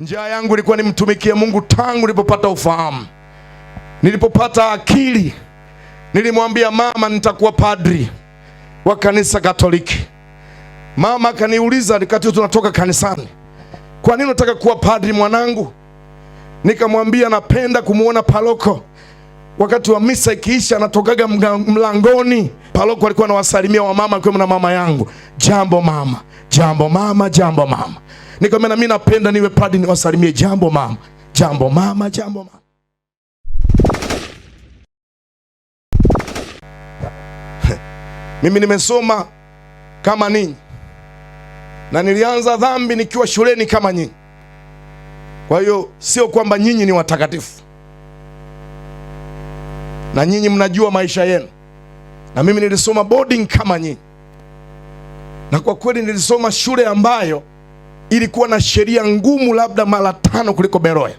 Njia yangu ilikuwa nimtumikie Mungu tangu nilipopata ufahamu, nilipopata akili. Nilimwambia mama, nitakuwa padri wa kanisa Katoliki. Mama akaniuliza nikati tunatoka kanisani, kwa nini unataka kuwa padri mwanangu? Nikamwambia napenda kumuona paroko wakati wa misa ikiisha, anatokaga mlangoni. Paroko alikuwa anawasalimia wamama, akiwemo na mama yangu, jambo mama, jambo mama, jambo mama nikamwambia mimi napenda niwe padri niwasalimie jambo mama, jambo mama, jambo mama. Mimi nimesoma kama ninyi na nilianza dhambi nikiwa shuleni kama nyinyi. Kwa hiyo sio kwamba nyinyi ni watakatifu, na nyinyi mnajua maisha yenu, na mimi nilisoma boarding kama nyinyi, na kwa kweli nilisoma shule ambayo ilikuwa na sheria ngumu labda mara tano kuliko Beroya.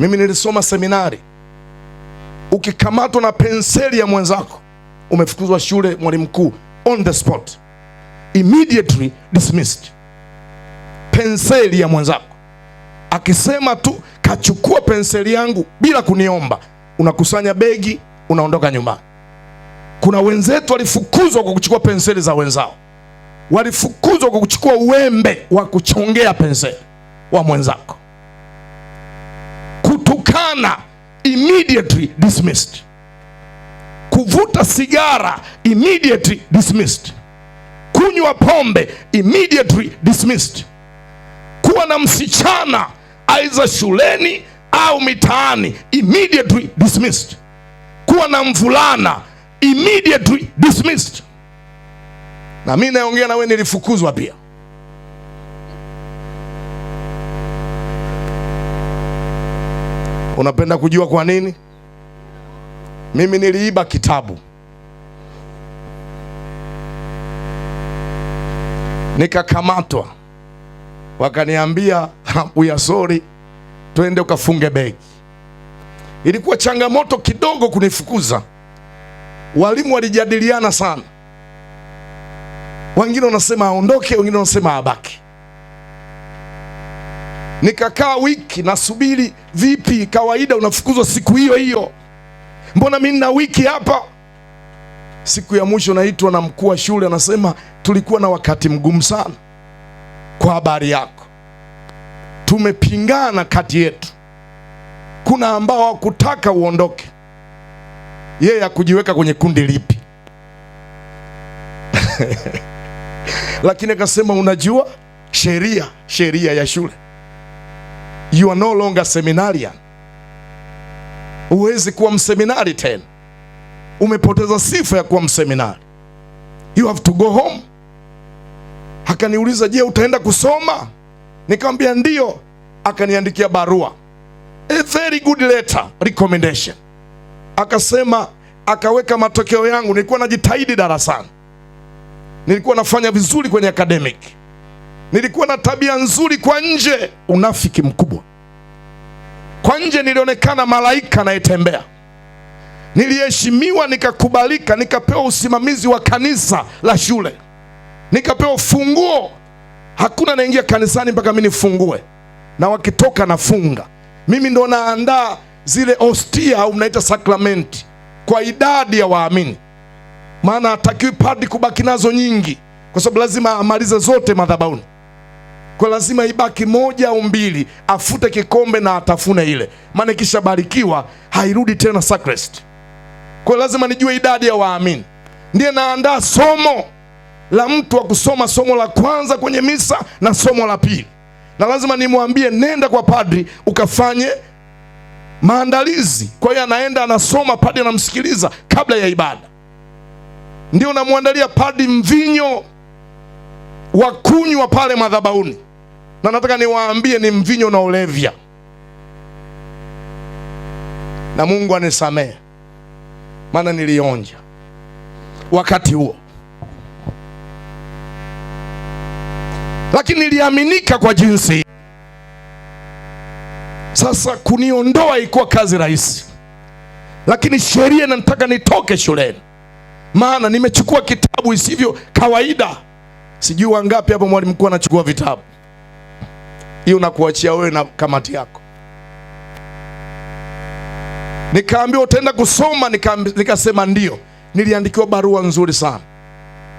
Mimi nilisoma seminari, ukikamatwa na penseli ya mwenzako umefukuzwa shule, mwalimu mkuu, on the spot, immediately dismissed. Penseli ya mwenzako akisema tu kachukua penseli yangu bila kuniomba, unakusanya begi, unaondoka nyumbani. Kuna wenzetu walifukuzwa kwa kuchukua penseli za wenzao walifukuzwa kwa kuchukua uwembe wa kuchongea pense wa mwenzako. Kutukana immediately dismissed. Kuvuta sigara immediately dismissed. Kunywa pombe immediately dismissed. Kuwa na msichana aidha shuleni au mitaani immediately dismissed. Kuwa na mvulana immediately dismissed na mi naongea na wewe, nilifukuzwa pia. Unapenda kujua kwa nini? Mimi niliiba kitabu nikakamatwa, wakaniambia uya, sori, twende ukafunge begi. Ilikuwa changamoto kidogo kunifukuza, walimu walijadiliana sana wengine wanasema aondoke, wengine wanasema abaki. Nikakaa wiki nasubiri. Vipi, kawaida unafukuzwa siku hiyo hiyo? Mbona mi nina wiki hapa? Siku ya mwisho naitwa na mkuu wa shule, anasema tulikuwa na wakati mgumu sana kwa habari yako, tumepingana kati yetu, kuna ambao hawakutaka uondoke, yeye hakujiweka kwenye kundi lipi? lakini akasema unajua, sheria sheria ya shule, you are no longer seminarian. Huwezi kuwa mseminari tena, umepoteza sifa ya kuwa mseminari, you have to go home. Akaniuliza, je, utaenda kusoma? Nikamwambia ndio. Akaniandikia barua, a very good letter recommendation. Akasema akaweka matokeo yangu, nilikuwa najitahidi darasani nilikuwa nafanya vizuri kwenye academic, nilikuwa na tabia nzuri kwa nje. Unafiki mkubwa kwa nje, nilionekana malaika anayetembea, niliheshimiwa, nikakubalika, nikapewa usimamizi wa kanisa la shule, nikapewa funguo. Hakuna anaingia kanisani mpaka mimi nifungue, na wakitoka nafunga. Mimi ndo naandaa zile ostia au mnaita sakramenti kwa idadi ya waamini maana hatakiwi padi kubaki nazo nyingi, kwa sababu lazima amalize zote madhabahuni, kwa lazima ibaki moja au mbili, afute kikombe na atafune ile, maana ikishabarikiwa hairudi tena sacrest. Kwa lazima nijue idadi ya waamini, ndiye naandaa somo la mtu wa kusoma somo la kwanza kwenye misa na somo la pili, na lazima nimwambie nenda kwa padri ukafanye maandalizi. Kwa hiyo anaenda anasoma, padri anamsikiliza kabla ya ibada ndio namwandalia padi mvinyo wa kunywa pale madhabahuni, na nataka niwaambie ni mvinyo na ulevya, na Mungu anisamehe, maana nilionja wakati huo, lakini niliaminika kwa jinsi. Sasa kuniondoa ilikuwa kazi rahisi, lakini sheria inanitaka nitoke shuleni maana nimechukua kitabu isivyo kawaida. Sijui wangapi hapo mwalimu mkuu anachukua vitabu, hiyo nakuachia wewe na kamati yako. Nikaambiwa utaenda kusoma nika, nikasema ndio. Niliandikiwa barua nzuri sana,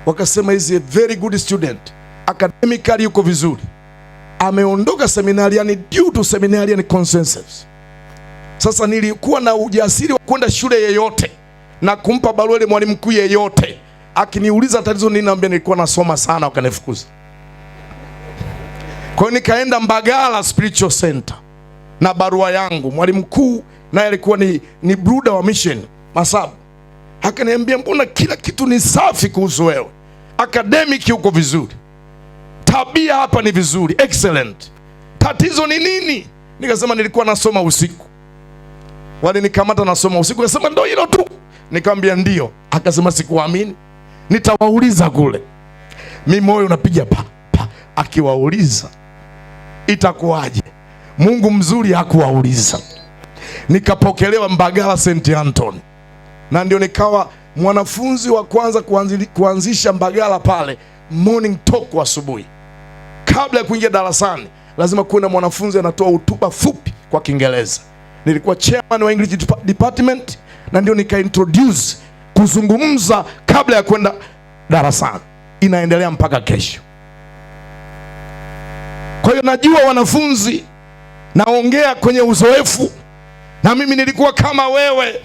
wakasema is a very good student, academically yuko vizuri, ameondoka yani due to seminarian consensus. Sasa nilikuwa na ujasiri wa kwenda shule yeyote na kumpa barua ile mwalimu mkuu yeyote. Akiniuliza tatizo nini, naambia nilikuwa nasoma sana, wakanifukuza. Kwa hiyo nikaenda Mbagala Spiritual Center na barua yangu. Mwalimu mkuu naye alikuwa ni, ni bruda wa mission Masabu, akaniambia mbona kila kitu ni safi kuhusu wewe, academic uko vizuri, tabia hapa ni vizuri, excellent, tatizo ni nini? Nikasema nilikuwa nasoma usiku, walinikamata nasoma usiku, kasema ndo hilo tu. Nikamwambia ndio. Akasema sikuamini, nitawauliza kule. Mi moyo unapiga pa pa, akiwauliza itakuwaje? Mungu mzuri hakuwauliza. Nikapokelewa Mbagala St Anthony, na ndio nikawa mwanafunzi wa kwanza kuanzisha Mbagala pale morning talk asubuhi. Kabla ya kuingia darasani, lazima kuwe na mwanafunzi anatoa hotuba fupi kwa Kiingereza. Nilikuwa chairman wa English department na ndio nika introduce kuzungumza kabla ya kwenda darasani, inaendelea mpaka kesho. Kwa hiyo najua wanafunzi, naongea kwenye uzoefu, na mimi nilikuwa kama wewe.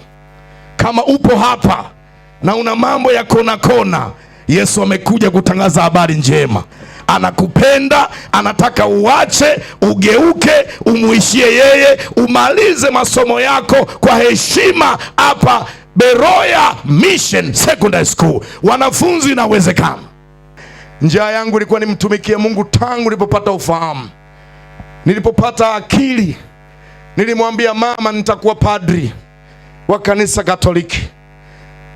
Kama upo hapa na una mambo ya kona kona, Yesu amekuja kutangaza habari njema anakupenda, anataka uache, ugeuke, umuishie yeye, umalize masomo yako kwa heshima hapa Beroya Mission Secondary School. Wanafunzi, inawezekana. Njia yangu ilikuwa nimtumikie Mungu tangu nilipopata ufahamu, nilipopata akili. Nilimwambia mama, nitakuwa padri wa kanisa Katoliki.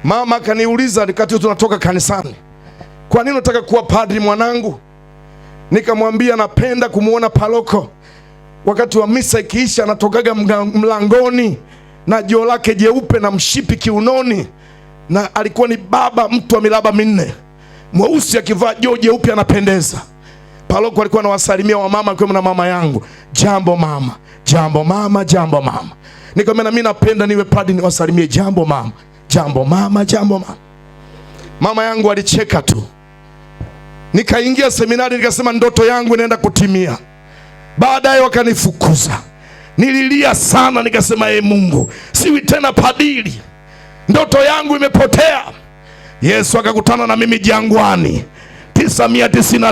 Mama akaniuliza, wakati tunatoka kanisani, kwa nini unataka kuwa padri mwanangu? nikamwambia napenda kumwona paroko wakati wa misa ikiisha, anatokaga mlangoni na joo lake jeupe na mshipi kiunoni, na alikuwa ni baba mtu wa milaba minne, mweusi akivaa joo jeupe, anapendeza. Paroko alikuwa anawasalimia wamama, akiwemo na mama yangu, jambo mama, jambo mama, jambo mama. Nikamwambia na mimi napenda niwe padri niwasalimie, jambo mama, jambo mama, jambo mama. Mama yangu alicheka tu. Nikaingia seminari, nikasema ndoto yangu inaenda kutimia. Baadaye wakanifukuza, nililia sana, nikasema ee Mungu, siwi tena padili, ndoto yangu imepotea. Yesu akakutana na mimi jangwani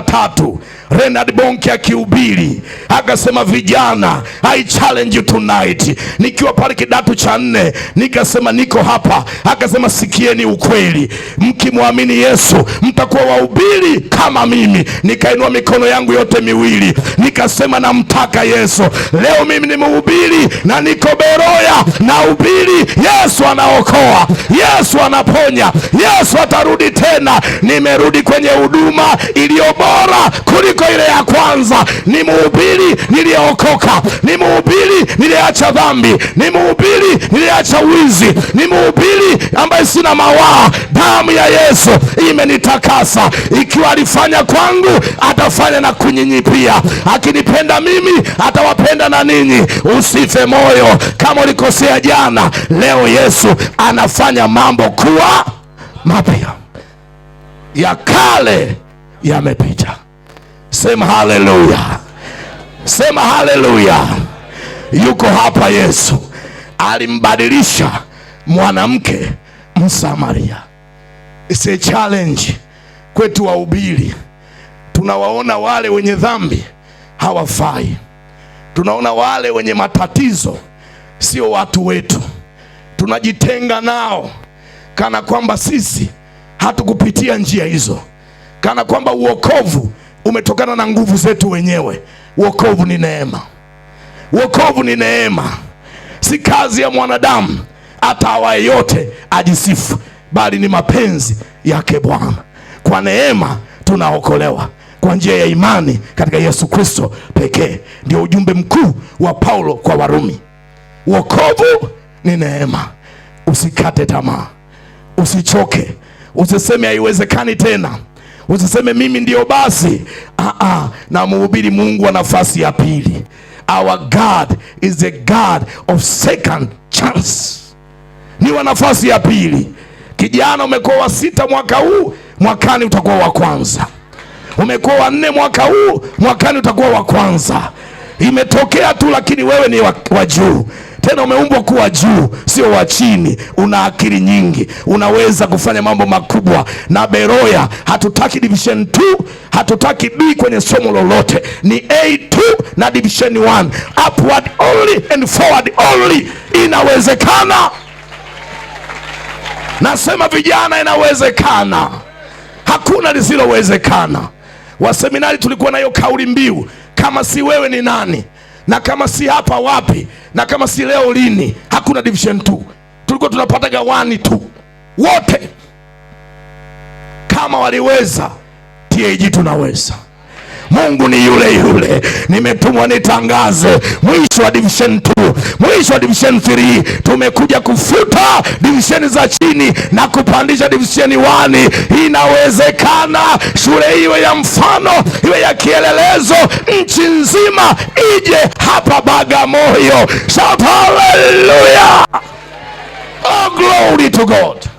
tatu Renard Bonke akihubiri akasema, vijana, I challenge you tonight. Nikiwa pale kidato cha nne nikasema niko hapa, akasema sikieni ukweli, mkimwamini Yesu mtakuwa wahubiri kama mimi. Nikainua mikono yangu yote miwili nikasema, namtaka Yesu. Leo mimi ni mhubiri na niko Beroya nahubiri, Yesu anaokoa, Yesu anaponya, Yesu atarudi tena. Nimerudi kwenye huduma iliyo bora kuliko ile ya kwanza. Ni mhubiri niliyeokoka, ni mhubiri niliyeacha dhambi, ni mhubiri niliyeacha wizi, ni mhubiri ambaye sina mawaa. Damu ya Yesu imenitakasa. Ikiwa alifanya kwangu, atafanya na kunyinyi pia. Akinipenda mimi, atawapenda na ninyi. Usife moyo kama ulikosea jana. Leo Yesu anafanya mambo kuwa mapya, ya kale yamepita. Sema haleluya, sema haleluya. Yuko hapa Yesu, alimbadilisha mwanamke Msamaria. It's a challenge kwetu wahubiri. Tunawaona wale wenye dhambi hawafai, tunaona wale wenye matatizo sio watu wetu, tunajitenga nao kana kwamba sisi hatukupitia njia hizo kana kwamba uokovu umetokana na nguvu zetu wenyewe. uokovu ni neema, uokovu ni neema, si kazi ya mwanadamu hata awaye yote ajisifu, bali ni mapenzi yake Bwana. Kwa neema tunaokolewa kwa njia ya imani katika Yesu Kristo pekee. Ndio ujumbe mkuu wa Paulo kwa Warumi, uokovu ni neema. Usikate tamaa, usichoke, usiseme haiwezekani tena. Usiseme mimi ndio basi. Ah, ah, na mhubiri Mungu wa nafasi ya pili. Our God is the God of second chance, ni wa nafasi ya pili. Kijana, umekuwa wa sita mwaka huu, mwakani utakuwa wa kwanza. Umekuwa wa nne mwaka huu, mwakani utakuwa wa kwanza imetokea tu, lakini wewe ni wa, juu tena umeumbwa kuwa juu, sio wa chini. Una akili nyingi, unaweza kufanya mambo makubwa. na Beroya, hatutaki division 2, hatutaki B kwenye somo lolote, ni A2 na division 1. Upward only and forward only. Inawezekana, nasema vijana, inawezekana, hakuna lisilowezekana. Waseminari tulikuwa nayo kauli mbiu kama si wewe ni nani? Na kama si hapa wapi? Na kama si leo lini? Hakuna division 2, tulikuwa tunapataga 1 tu wote. Kama waliweza, TAG tunaweza. Mungu ni yule yule. Nimetumwa nitangaze mwisho wa division 2, mwisho wa division 3. Tumekuja kufuta divisheni za chini na kupandisha divisheni 1. Inawezekana shule iwe ya mfano, iwe ya kielelezo, nchi nzima ije hapa Bagamoyo. Shout hallelujah! Oh, glory to God.